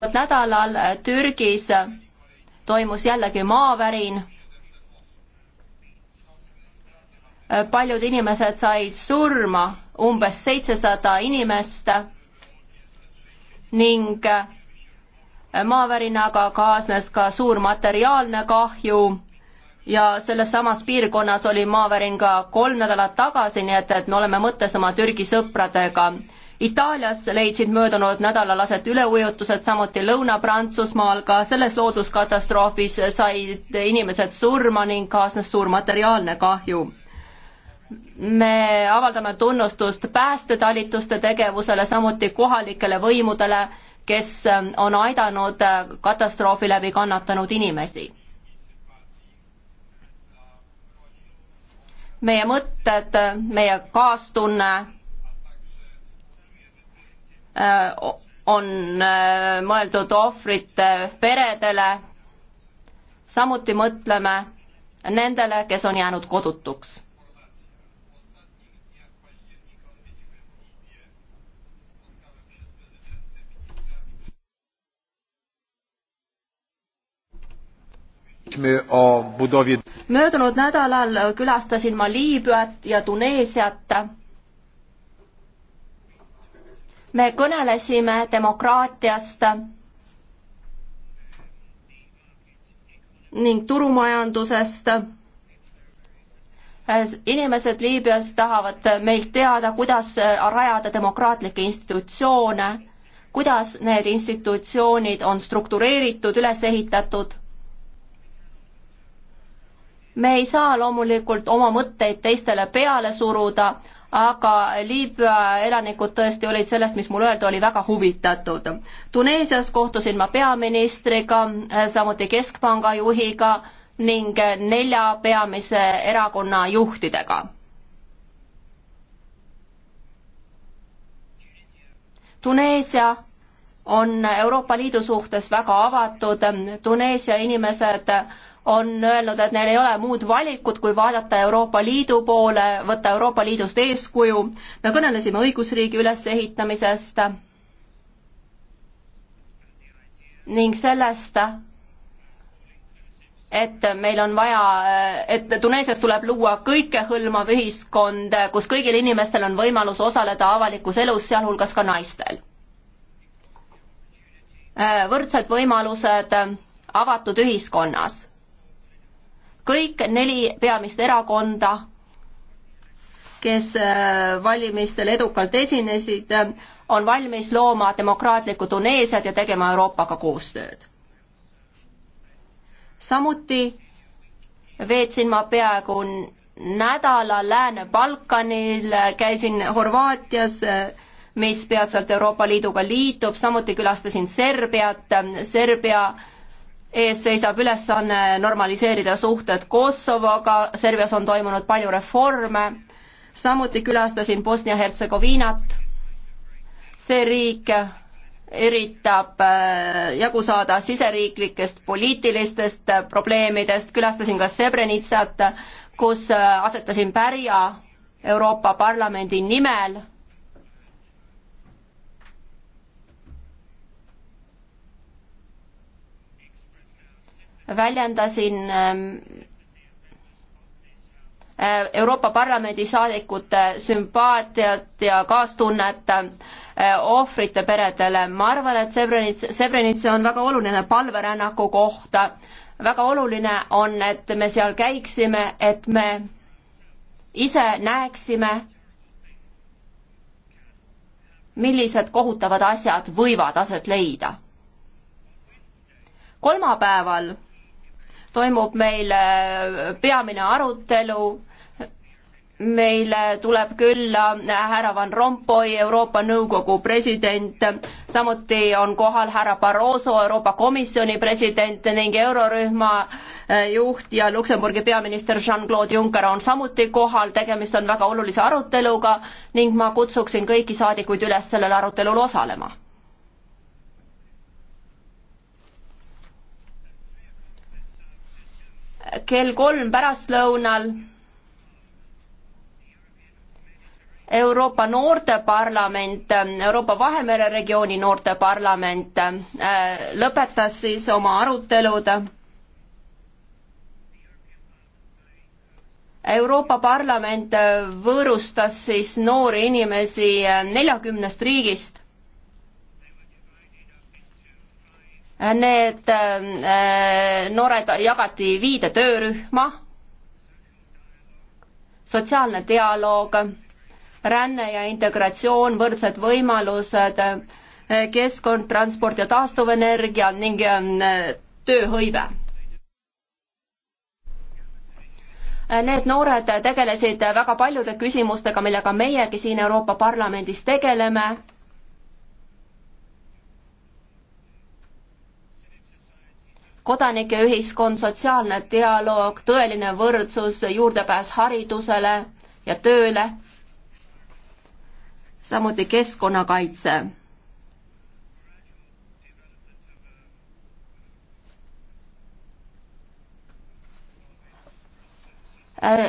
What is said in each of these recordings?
nädalal äh, Türgis äh, toimus jällegi maavärin. Äh, paljud inimesed said surma, umbes seitsesada inimest ning maavärinaga kaasnes ka suur materiaalne kahju ja selles samas piirkonnas oli maavärin ka kolm nädalat tagasi, nii et, et me oleme mõttes oma Türgi sõpradega. Itaalias leidsid möödunud nädalal aset üleujutused, samuti Lõuna-Prantsusmaal, ka selles looduskatastroofis said inimesed surma ning kaasnes suur materiaalne kahju. me avaldame tunnustust päästetalituste tegevusele, samuti kohalikele võimudele, kes on aidanud katastroofi läbi kannatanud inimesi meie mõtted, meie kaastunne äh, on äh, mõeldud ohvrite peredele. samuti mõtleme nendele, kes on jäänud kodutuks. o budowie möödunud nädalal külastasin ma Liibüat ja Tuneesiat. me kõnelesime demokraatiast ning turumajandusest inimesed Liibüas tahavad meilt teada, kuidas rajada demokraatlikke institutsioone, kuidas need institutsioonid on struktureeritud, üles ehitatud me ei saa loomulikult oma mõtteid teistele peale suruda, aga Liibüa elanikud tõesti olid sellest, mis mulle öelda oli, väga huvitatud. Tuneesias kohtusin ma peaministriga, samuti keskpanga juhiga ning nelja peamise erakonna juhtidega. Tuneesia on Euroopa Liidu suhtes väga avatud, Tuneesia inimesed on öelnud, et neil ei ole muud valikut, kui vaadata Euroopa Liidu poole, võtta Euroopa Liidust eeskuju. me kõnelesime õigusriigi ülesehitamisest ning sellest, et meil on vaja, et Tuneesias tuleb luua kõikehõlmav ühiskond, kus kõigil inimestel on võimalus osaleda avalikus elus, sealhulgas ka naistel. Äh, võrdsed võimalused avatud ühiskonnas. kõik neli peamist erakonda, kes äh, valimistel edukalt esinesid, äh, on valmis looma demokraatlikku Tuneesiat ja tegema Euroopaga koostööd. samuti veetsin ma peaaegu nädala Lääne-Balkanil, käisin Horvaatias, mis peatselt Euroopa Liiduga liitub, samuti külastasin Serbiat, Serbia ees seisab ülesanne normaliseerida suhted Kosovoga, Serbias on toimunud palju reforme, samuti külastasin Bosnia-Hertsegoviinat, see riik üritab äh, jagu saada siseriiklikest poliitilistest probleemidest, külastasin ka Srebrenitsat, kus äh, asetasin pärja Euroopa Parlamendi nimel väljendasin ähm, äh, Euroopa Parlamendi saadikute sümpaatiat ja kaastunnet äh, ohvrite peredele. ma arvan, et Srebrenica, Srebrenica on väga oluline palverännaku kohta. väga oluline on, et me seal käiksime, et me ise näeksime, millised kohutavad asjad võivad aset leida. kolmapäeval toimub meil äh, peamine arutelu. meile tuleb külla äh, härra Van Rompuy, Euroopa Nõukogu president, samuti on kohal härra Barroso, Euroopa Komisjoni president ning eurorühma äh, juht ja Luksemburgi peaminister Jean-Claude Juncker on samuti kohal, tegemist on väga olulise aruteluga ning ma kutsuksin kõiki saadikuid üles sellel arutelul osalema kell kolm pärastlõunal Euroopa Noorteparlament, Euroopa Vahemere regiooni noorteparlament äh, lõpetas siis oma arutelud. Euroopa Parlament võõrustas siis noori inimesi äh, neljakümnest riigist Need äh, äh, noored jagati viide töörühma, sotsiaalne dialoog, ränne ja integratsioon, võrdsed võimalused, äh, keskkond, transport ja taastuvenergia ning tööhõive need noored tegelesid väga paljude küsimustega, millega meiegi siin Euroopa Parlamendis tegeleme. kodanikeühiskond, sotsiaalne dialoog, tõeline võrdsus, juurdepääs haridusele ja tööle, samuti keskkonnakaitse. Äh,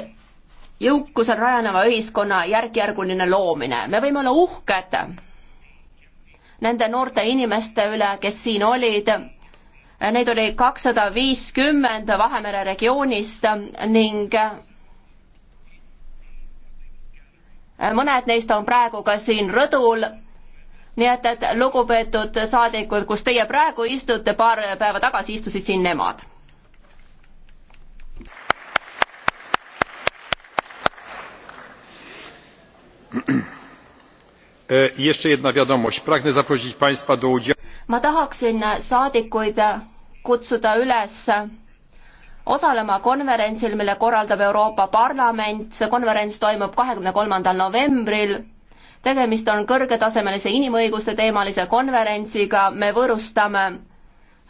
jõukusel rajaneva ühiskonna järk-järguline loomine, me võime olla uhked nende noorte inimeste üle, kes siin olid Neid oli kakssada viiskümmend Vahemere regioonist ning mõned neist on praegu ka siin rõdul. nii et, et lugupeetud saadikud, kus teie praegu istute, paar päeva tagasi istusid siin nemad e, jeszcze jedna wiadomość pragnę zaprosić państwa do udziału ma tahaksin saadikuid kutsuda üles osalema konverentsil, mille korraldab Euroopa Parlament, see konverents toimub kahekümne kolmandal novembril. tegemist on kõrgetasemelise inimõiguste teemalise konverentsiga, me võõrustame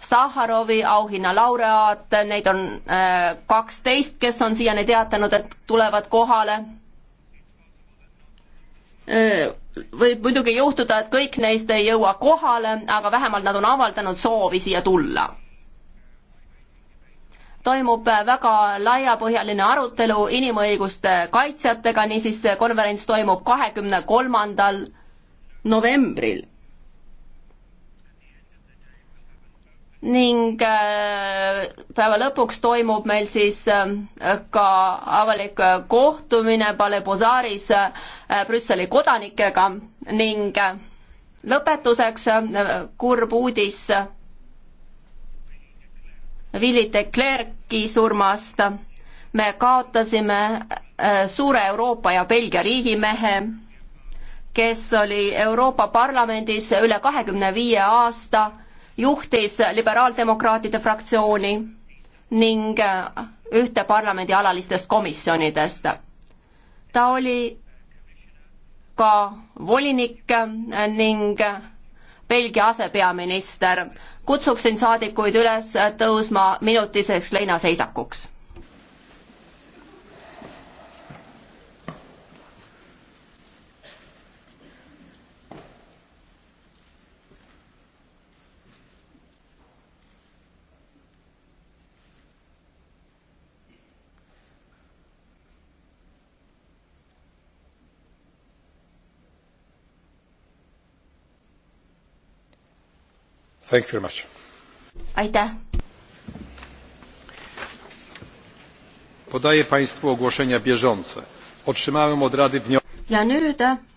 Saharovi auhinna laureaate, neid on äh, kaksteist, kes on siiani teatanud, et tulevad kohale võib muidugi juhtuda, et kõik neist ei jõua kohale, aga vähemalt nad on avaldanud soovi siia tulla. toimub väga laiapõhjaline arutelu inimõiguste kaitsjatega, niisiis konverents toimub kahekümne kolmandal novembril ning äh, päeva lõpuks toimub meil siis äh, ka avalik äh, kohtumine Palais Bazaaris Brüsseli kodanikega ning lõpetuseks kurb uudis Willy de Klerki surmast. me kaotasime suure Euroopa ja Belgia riigimehe, kes oli Euroopa Parlamendis üle kahekümne viie aasta juhtis liberaaldemokraatide fraktsiooni ning ühte parlamendi alalistest komisjonidest. ta oli ka volinik ning Belgia asepeaminister. kutsuksin saadikuid üles tõusma minutiseks leinaseisakuks aitäh! podaję państwu ogłoszenia bieżące. otrzymałem od rady wniosek. ja nüüd